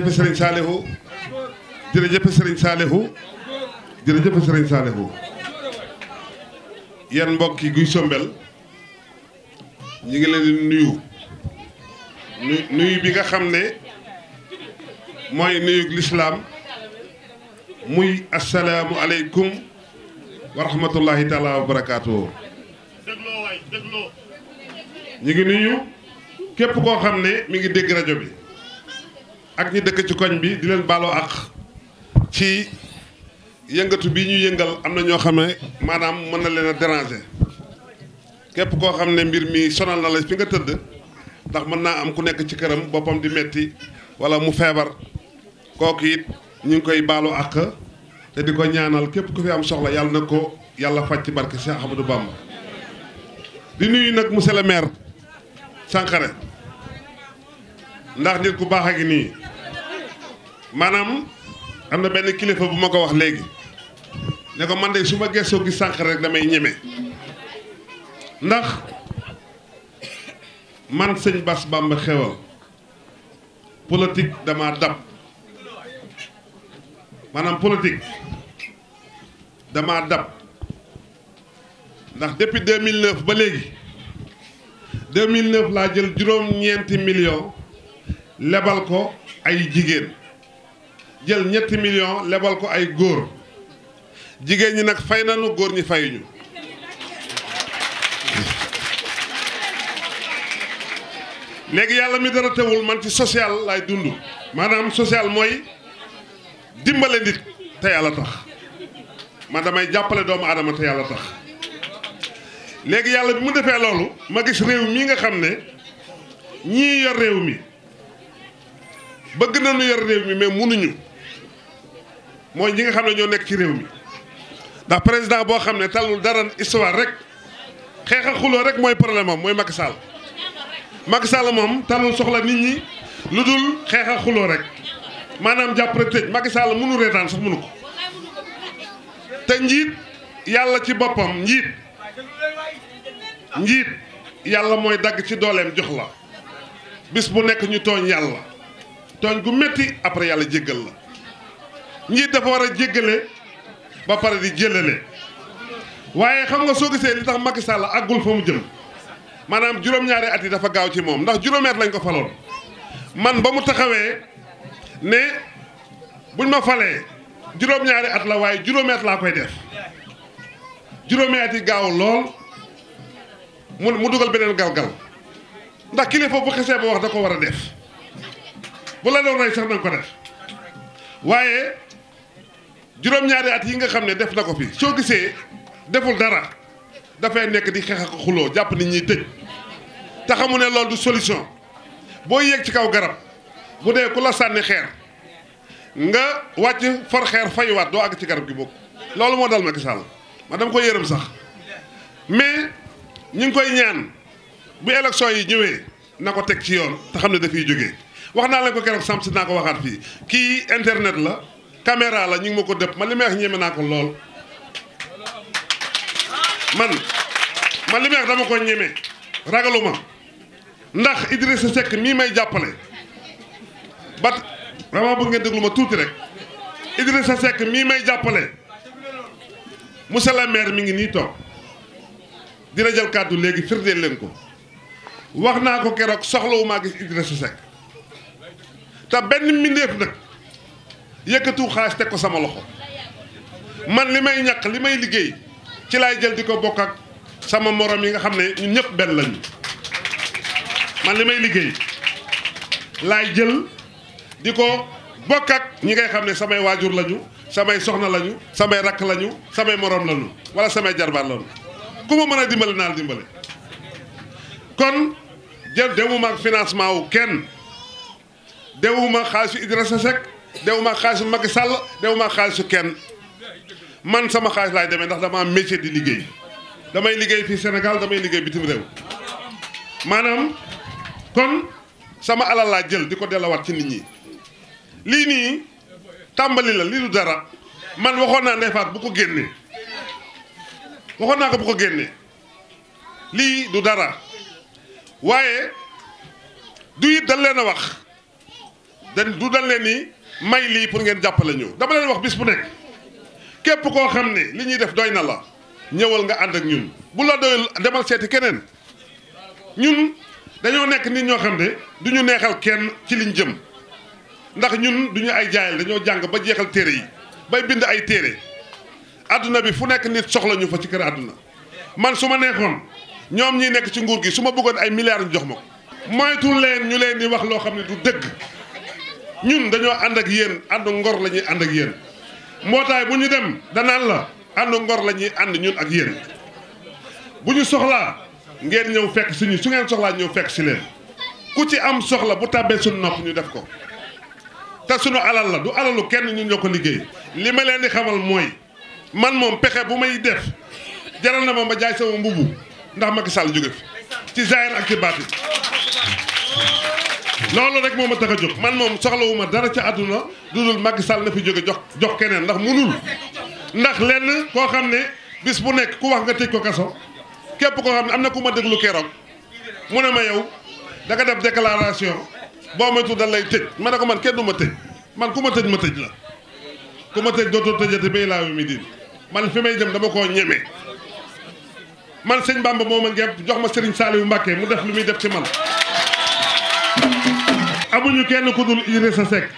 jërëjëf Serigne Saliou jërëjëf Serigne Saliou jërëjëf mbokk yi guy sombel ñu ngi leen di nuyu nuyu bi nga xam ne mooy nuyu lislaam muy asalaamu aleykum wa rahmatullahi taala wa barakaatu. ñu ngi nuyu képp koo xam ne mi ngi dégg rajo bi. ak ñi dëkk ci koñ bi di leen baaloo ak ci yëngatu bi ñu yëngal am na ñoo xam ne maanaam mën na leen a képp koo xam ne mbir mi sonal na la fi nga tëdd ndax mën naa am ku nekk ci këram boppam di metti wala mu feebar kooku it ñu ngi koy baalu ak te di ko ñaanal képp ku fi am soxla yàlla na ko yàlla faj ci barke Cheikh Ahmadou Bamba di nuyu nag monsieur le maire Sankhare ndax nit ku baax nii maanaam am na benn kilifa bu ma ko wax léegi ne ko man de su ma gëstoo gi sànq rek damay ñeme ndax man sëñ Bass Bamba xewal politique dama dab maanaam politique dama dab ndax depuis 2009 ba léegi 2009 laa jël juróom-ñeenti million lebal ko ay jigéen jël ñetti million lebal ko ay góor jigéen ñi nag fay nañu góor ñi fayuñu léegi yàlla mi dara tewul man ci social laay dund maanaam social mooy dimbale nit te yàlla tax man damay jàppale doomu aadama te yàlla tax léegi yàlla bi mu defee loolu ma gis réew mii nga xam ne ñii yor réew mi bëgg nañu yor réew mi mais munuñu mooy ñi nga xam ne ñoo nekk ci réew mi ndax président boo xam ne talul dara histoire rek xeexal ak xuloo rek mooy problème am mooy Macky Sall Macky Sall moom talul soxla nit ñi lu dul xeex xuloo rek maanaam jàpp rek tëj Macky Sall mënu reetaan sax mënu ko te njiit yàlla ci boppam njiit njiit yàlla mooy dagg ci dooleem jox la bis bu nekk ñu tooñ yàlla tooñ gu métti après yàlla jéggal la njiit dafa war a jéggale ba pare di jëlale waaye xam nga soo gisee li tax Macky Sall àggul fa mu jëm maanaam juróom-ñaari at yi dafa gaaw ci moom ndax juróomi at lañ ko faloon man ba mu taxawee ne buñ ma falee juróom at la waaye juróomi at laa koy def juróomi at yi gaaw lool mu mu dugal beneen galgal ndax kilifa bu xesee ba wax da ko war a def bu la doon rey sax nañ ko def waaye juróom-ñaari at yi nga xam ne def na ko fi soo gisee deful dara dafay nekk di xeex ak xuloo jàpp nit ñi tëj te xamu ne loolu du solution boo yéeg ci kaw garab bu dee ku la sànni xeer nga wàcc for xeer fayuwaat doo àgg ci garab gi bokk loolu moo dal Macky Sall ma dama ko yërëm sax mais ñu ngi koy ñaan bu élection yi ñëwee na ko teg ci yoon te xam ne dafiy jóge wax naa leen ko keroog samp si naa ko waxaat fii kii internet la caméra la ñu ma ko dëpp ma li may ñeme naa ko lool man ma li may wax dama ko ñeme ragaluma ndax Idrissa Seck mii may jàppale ba dama bëgg ngeen déglu ma tuuti rek Idrissa Seck mii may jàppale mu le maire mi ngi nii toog dina jël kàddu léegi firndeel leen ko wax naa ko keroog soxlawu maa gis Idrissa Seck te benn mbindeef nag. yëkkatu xaalis teg ko sama loxo man li may ñàkk li may liggéey ci laay jël di ko bokk ak sama morom yi nga xam ne ñun ñëpp benn lañu man li may liggéey laay jël di ko bokk ak ñi ngay xam ne samay waajur lañu samay soxna lañu samay rakk lañu samay morom lañu wala samay jarbaat lañu ku ma mën a dimbale naal dimbale kon jël demuma ak financement wu kenn demuma xaalisu Idrissa Seck dew ma xaalisu mag Sall dew ma xaalisu kenn man sama xaalis laay demee ndax dama am métier di liggéey damay liggéey fii senegal damay liggéey bitim réew maanaam kon sama alal laa jël di ko delluwaat ci nit ñi lii nii tàmbali la lii du dara man waxoon naa Ndeye Fatou bu ko génnee waxoon naa ko bu ko génnee lii du dara waaye du it dañ leen a wax dañ du dañ leen nii may lii pour ngeen jàppale ñu dama leen wax bis bu nekk képp koo xam ne li ñuy def doy na la ñëwal nga ànd ak ñun bu la doyul demal seeti keneen ñun dañoo nekk nit ñoo xam ne du ñu neexal kenn ci liñ jëm ndax ñun duñu ay jaayal dañoo jàng ba jeexal téere yi bay bind ay téere àdduna bi fu nekk nit soxla ñu fa ci kër àdduna man su ma neexoon ñoom ñi nekk ci nguur gi su ma bëggoon ay milliards jox ma ko moytu leen ñu leen di wax loo xam ne du dëgg ñun dañoo ànd ak yéen àndu ngor la ñuy ànd ak yéen mbootaay bu ñu dem danaan la àndu ngor la ñuy ànd ñun ak yéen bu ñu soxlaa ngeen ñëw fekk suñu su ngeen soxlaa ñëw fekk si leen ku ci am soxla bu tàbbee suñu nopp ñu def ko te suñu alal la du alalu kenn ñu ñoo ko liggéey li ma leen di xamal mooy man moom pexe bu may def jaral na ma ma jaay sama mbubu ndax Macky Sall jóge fi ci zaahir ak ci baatin loolu rek moom ma tax a jóg man moom soxlawuma dara ca àdduna lu dul Macky Sall na fi jóge jox jox keneen ndax mu munul ndax lenn koo xam ne bis bu nekk ku wax nga tëj ko kaso képp koo xam ne am na ku ma déglu keroog mu ne ma yow danga nga def déclaration boo moytu dal lay tëj ma ne ko man kenn du ma tëj man ku ma tëj ma tëj la ku ma tëj dootoo tëjati bay laa wi mi man fi may dem dama koo ñeme man sëñ Bamba moo ma ngepp jox ma Serigne Saliou mbakke mu def lu muy def ci man amuñu kenn ku dul sa Seck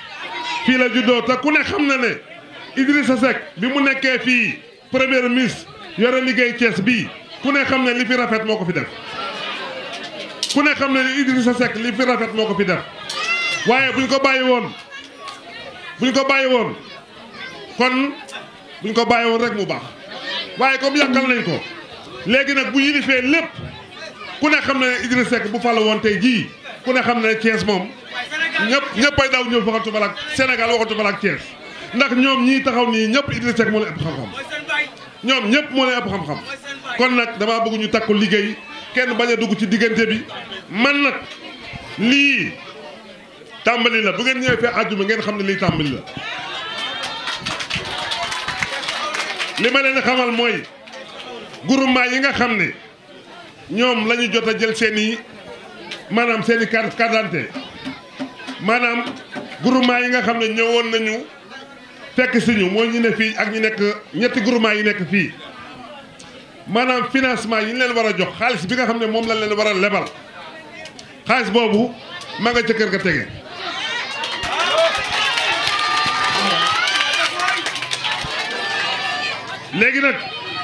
fii la juddoo te ku ne xam na ne sa Seck bi mu nekkee fii premier ministre yore liggéey Thiès bii ku ne xam ne li fi rafet moo ko fi def ku ne xam ne sa Seck li fi rafet moo ko fi def waaye buñ ko bàyyi woon buñ ko bàyyi woon kon buñ ko bàyyi woon rek mu baax waaye comme yàqal nañ ko léegi nag bu yilifee lépp ku ne xam ne Idrissa Seck bu fal woon tey jii ku ne xam ne Thiès moom ñëpp ñëppay daw ñëw waxatuma la ak Sénégal waxatuma la ak Thiès ndax ñoom ñii taxaw nii ñëpp Idriss Seck moo leen ëpp xam-xam ñoom ñëpp moo leen ëpp xam-xam kon nag damaa bëgg ñu takku liggéey kenn bañ a dugg ci diggante bi man nag lii tàmbali la bu ngeen ñëwee fee àjjuma ngeen xam ne lii tàmbali la li ma leen xamal mooy groupement yi nga xam ne ñoom lañuy ñu jot a jël seen yi maanaam seen i carte d'identité maanaam groupement yi nga xam ne ñëwoon nañu fekk si moo mooy ñu ne fii ak ñu nekk ñetti groupement yi nekk fii maanaam financement yi leen war a jox xaalis bi nga xam ne moom lañ leen war a lebal xaalis boobu ma nga ca kër ga tege léegi nag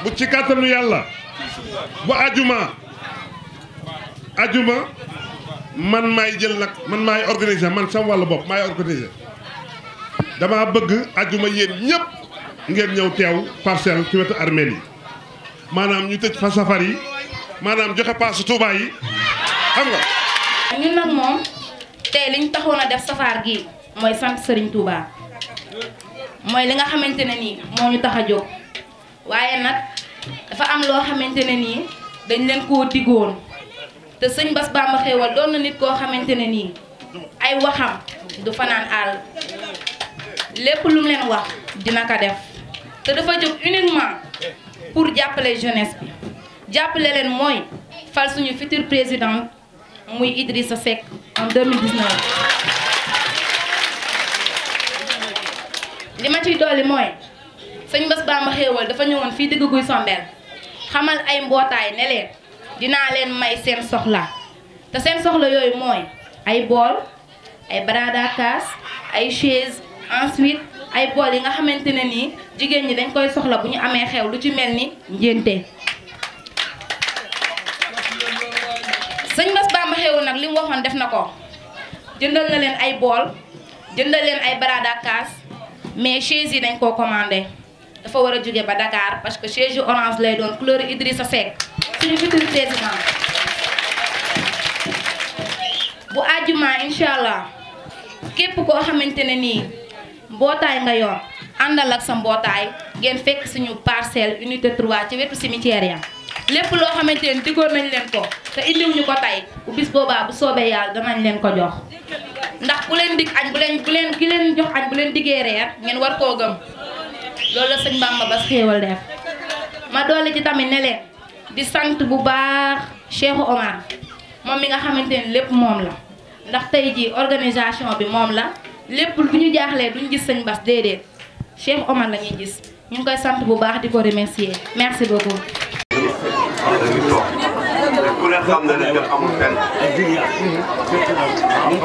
bu ci kàttanu yàlla bu ajuma ajuma man maay jël nag man maay organiser man sama wàllu bopp maay organiser damaa bëgg ajuma yéen ñëpp ngeen ñëw teew parcelle ci wetu armeel yi maanaam ñu tëj fa safar yi maanaam joxe paasu Touba yi xam nga. ñun nag moom tey li ñu taxoon a def safar gi mooy sant Serigne Touba mooy li nga xamante ne nii moo ñu tax a jóg waaye nag dafa am loo xamante ne nii dañ leen koo diggoon. te sëñ Bass Bamba Xéwal doon na nit koo xamante ne nii ay waxam du fanaan àll lépp lu mu leen wax dina ko def te dafa jóg uniquement pour jàppale jeunesse bi jàppale leen mooy fal suñu fitir président muy Idrissa Seck en 2019 li ma ciy dolli mooy sëñ Bass Bamba Xéwal dafa ñëwoon fii digg guy sombeel xamal ay mbootaay neleen dinaa leen may seen soxla te seen soxla yooyu mooy ay bool ay barada ay chaise ensuite ay bool yi nga xamante ne nii jigéen ñi dañ koy soxla bu ñu amee xew lu ci mel ni ngénte sëñ Bass Bamba xewu nag li mu waxoon def na ko jëndal na leen ay bool jëndal leen ay barada mais chaise yi dañ koo commandé dafa war a jóge ba dakaar parce que chaise yu orange lay doon couleur sa Seck suñu futur président bu àjjuma incha allah képp koo xamante ne nii mbootaay nga yor àndal ak sa mbootaay ngeen fekk suñu parcelle unité 3 ci wetu cimetière ya lépp loo xamante ne diggoon nañ leen ko te indiwuñu ko tey bu bis boobaa bu soobee yàlla danañ leen ko jox ndax ku leen dig añ bu leen leen ki leen jox añ bu leen diggee reer ngeen war koo gëm loolu la sëñ Bamba Bass xéewal def ma doole ci tamit ne di sant bu baax Cheikh Omar moom mi nga xamante lépp moom la ndax tey jii organisation bi moom la lépp bu ñu jaaxlee duñ gis sëñ Bass déedéet Cheikh Omar la ñuy gis ñu ngi koy sant bu baax di ko remercier merci beaucoup.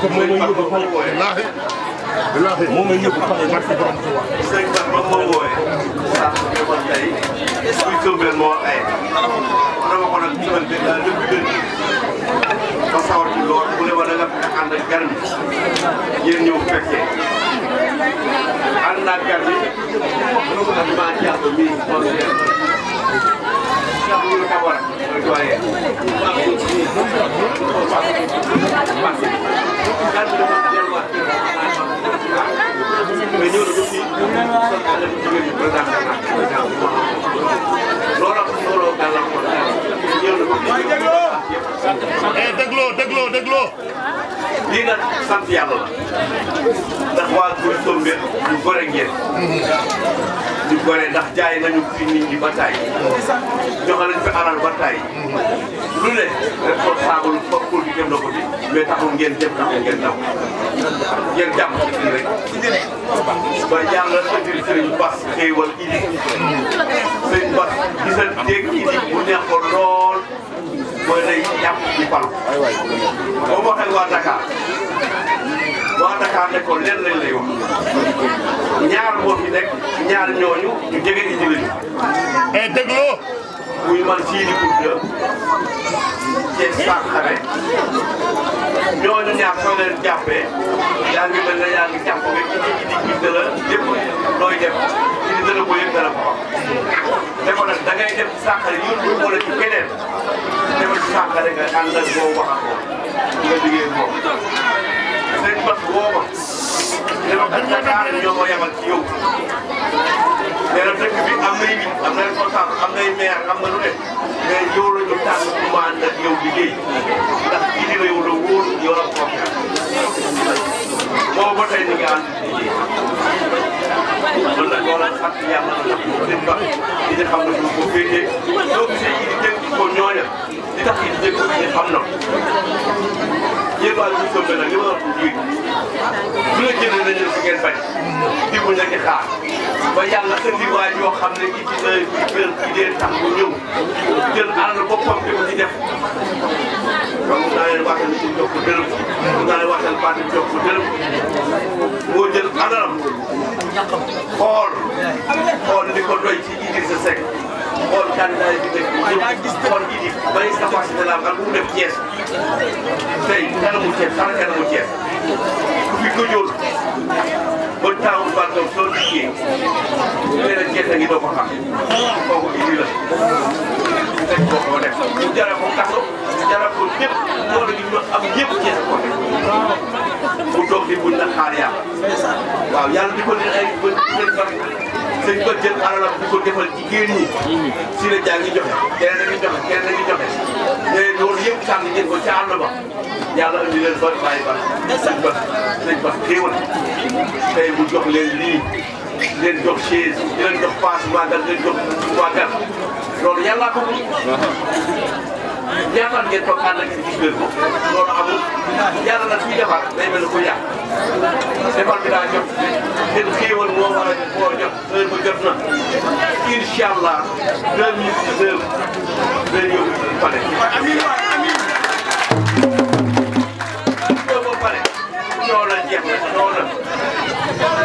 ku ko ngooyee saa su nekkoon tey kuy tëb leen moo ay eh, dama ko nag jubante daal lépp gën ba sawar ci lool bu ne ma da nga ànd ak gan bi yéen ñëw fekkee ànd naa gan bi mënu ko ak maa jàpp mii conseil def eh, jigéen ñi président Dakar président bi looloo xam looloo gàllankoor daal ñëw na ba tey ñëw na yëpp sant yàlla. dégloo dégloo dégloo. lii nag sant yàlla la ndax waa Kër Tombe ñu gore ngeen. ñu gore ndax jaay nañu fi nit ñi ba taay joxe nañu fi alal ba taay lu ne responsable foofu pour ñu dem na ko di. mais taxul ngeen jëm taxul ngeen daw ngeen jàpp ci fii rek ba yàlla indil sëriñ Bass xéewal Idy sëriñ Bass gisal dégg Idy bu neex ko lool mooy day jàpp ci falu boo waxee waa Dakar waa Dakar ne ko leen lañ lay wax ñaar moo fi nekk ñaar ñooñu ñu jege Idy lañu e dégloo muy man Sidy Kounta Thiès Saxare ñooñu ñaar soo leen jàppee yaa ngi mel ne yaa ngi jàpp nga ci ci digg bi dara lépp looy def ci di dara ko yëg dara ko xam nag da ngay def sàqale yóbbu wala ci keneen defal ci sàqale nga ànd ak boo wax nga liggéey moom seen bët boo ma dama ko daanaka ñoo ma yabal ci yow. nee na dëkk bi am nay nit am nay responsable am nay maire am na lu ne mais yow la ñu tànn pour mu ànd ak yow liggéey ndax kii di réew la wóor yow la confiance boobu ba tey ñu ngi ànd liggéey loolu nag loolu ak yàlla na la tax ñu di xam ne du ko féetee soo gisee yi di tënk ko ñooña tax it jéego bi am na yéen waa Louga Sëmbe nag li ma la ko jiitu bu la jëlee nañu si ngeen bañ di ko njëkk xaar ba yàlla indi waa yoo xam ne kii ci nawet bi benn bi dee tax mu ñëw jël alal boppam di ko ci def. donc naa leen waxal nit ñi jokk dërëm naa leen waxal baat yi jokk dërëm moo jël alalam xool xool li ko doy ci Idrissa Seck. xool candidat yi fi nekk ñu xool idi bari capacité la nga bu def Thiès tey kanamu Thiès xana kanamu Thiès ku fi gëjoon ba taawu bàttam soo liggéey nee na Thiès a ngi doo ko xam kooku idi la tey kooku moo def ñu jaral ko kaso jaral ko ñëpp loolu ñu am ñëpp Thiès ko def bi buñ la xaar yàlla waaw yàlla di ko def ay bët seen bët seen bët jël alalam di ko defal jigéen ñi si la jaa ngi joxe keneen a ngi joxe keneen a ngi joxe mais loolu yëpp sànni ngeen ko ca àll ba yàlla indi leen bët bàyyi bët seen bët seen bët xéewal tey mu jox leen lii leen jox chaise leen jox passe magal leen jox waagal loolu yàllaa ko yaakaar ngeen toog ànd ak si gis ngeen ko loolu amul yàlla nag kuy defar day mel ni ku yàq defar bi daa jot seen xéewal moo war a moo jot heure ba jot na incha allah 2019 day yóbbu pare. amiin amiin. ñoo ba pare ñoo la jeex na ñoo la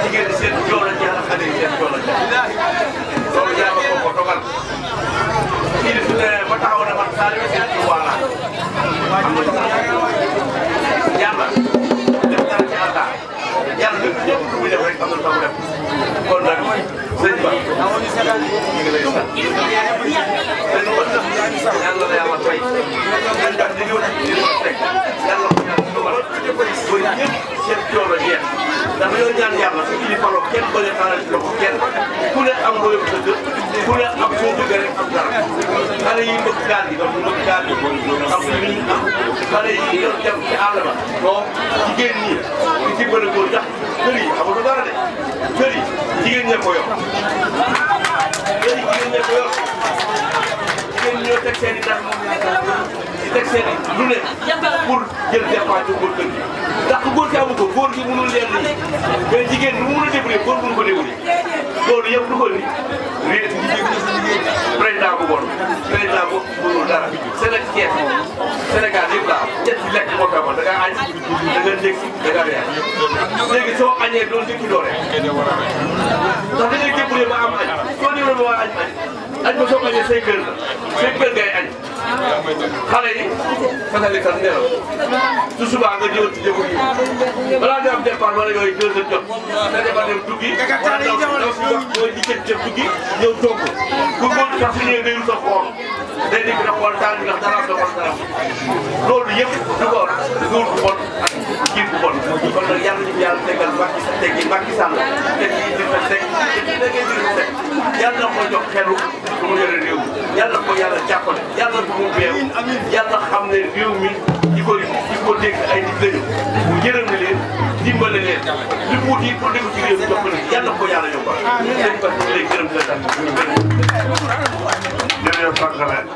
jigéen seen ñoo la jeex na xale yi seen ñoo la jeex loolu yàlla ko ko dogal. taxaw na man Saliou Sène bu Waala yàlla def dara ci ànda yàlla lépp lépp lu muy def rek am na taw def kon nag sëñ Ba ñu ngi lay sant sëñ Ba yàlla la yàlla fay sëñ Ba di ñëw di ñëw teg yàlla ko ñaan dugal ba ñëpp seen coono jeex ndax ñoo ñaan yàlla su ñu di faloo kenn ba leen xaaral ci loxo kenn ku ne am nga yóbbu sa kër ku ne am foo bëgg rek am dara xale yi bëgg gaal gi donc bëgg gaal gi am lu ñu am xale yi ñu dem ci àll ba donc jigéen ñi di dimbale góor ndax kër yi amatu dara de kër yi jigéen ñee ko yor kër yi jigéen ñee ko yor jigéen ñoo teg seen i ndax moom di teg seen i lu ne pour jël dépense bu góor kër gi ndax góor gi amu ko góor gi leen nii mais jigéen ñi mënul a débrouiller góor mënu ko débrouiller loolu yëpp lu ko ni réer président bu bon président bu mënul dara Sénégal ceeb Sénégal yëpp daal ceeb bi lekk moo taxoon da ngaa añ da nga ndékki da nga reer léegi soo añee doon ndékki doore ndax da ngay débrouiller ba am añ soo débrouiller añ ba soo añee say kër say xale yi fasa lekkal nelaw su subaa nga jëw ci jëmu yi balaa nga am départ wala yooyu deux heures jot nga defar ku na xool taal bi ndax dara sa xool jiit bu bon kon nag yàlla nañu yàlla tegal Macky Sall teg yi Macky Sall teg yi di fa teg te ki da ngay di fa teg yàlla na ko jox xelu lu mu yore réew mi yàlla ko yàlla jàppale yàlla bu mu beew yàlla xam ne réew mi di ko di ko dégg ay nit lañu mu yërëm ne leen dimbale leen li mu wut yi pour déglu ci réew mi jox ko leen yàlla ko yàlla yombal. léegi parce que léegi gërëm la tam. jërëjëf Fatou